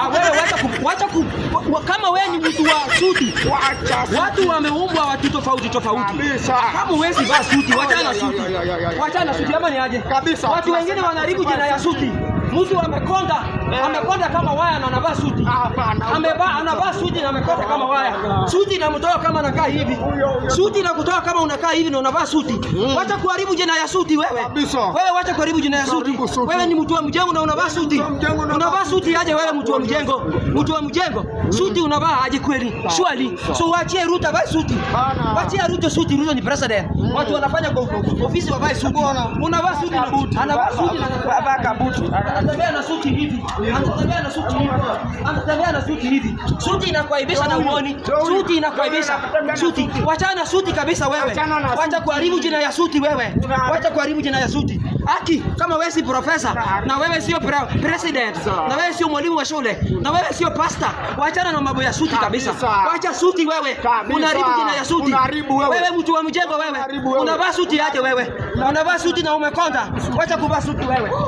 Ah, wewe wacha ku, wacha ku, kama wewe ni mtu wa suti, watu wameumbwa watu tofauti tofauti. Kama si vaa suti, wacha na suti, wacha na suti, ama ni aje? Kabisa, watu wengine wanaribu jina ya suti. Mtu amekonda eh. amekonda kama waya na anavaa suti. Ah, suti inamekosa kama waya, suti inamtoa kama anakaa hivi, suti inakutoa kama unakaa hivi na unavaa suti. Hmm. Wacha kuharibu jina ya suti wewe, wewe wacha kuharibu jina ya suti. Wewe ni mtu wa mjengo na unavaa suti, unavaa suti aje wewe? Mtu wa mjengo, mtu wa mjengo, hmm. suti unavaa aje kweli? Swali. So wachie Ruto vae suti, wachie Ruto suti. Ruto ni president, hmm. watu wanafanya kwa ofisi wavae suti. Unavaa suti na buti, anavaa suti na baka buti, anatembea na suti hivi, anatembea na suti hivi, anatembea na suti hivi, suti inakuaibisha na uoni. Suti inakuaibisha. Suti. Wachana suti kabisa wewe. Wacha kuharibu jina ya suti wewe. Wacha kuharibu jina ya suti. Aki, kama wewe si profesa na wewe sio president na wewe sio mwalimu wa shule na wewe sio pastor, wachana na mambo ya suti kabisa. Wacha suti wewe. Unaharibu jina ya suti. Wewe mtu wa mjengo wewe. Unavaa suti aje wewe? Unavaa suti na umekonda. Wacha kuvaa suti wewe.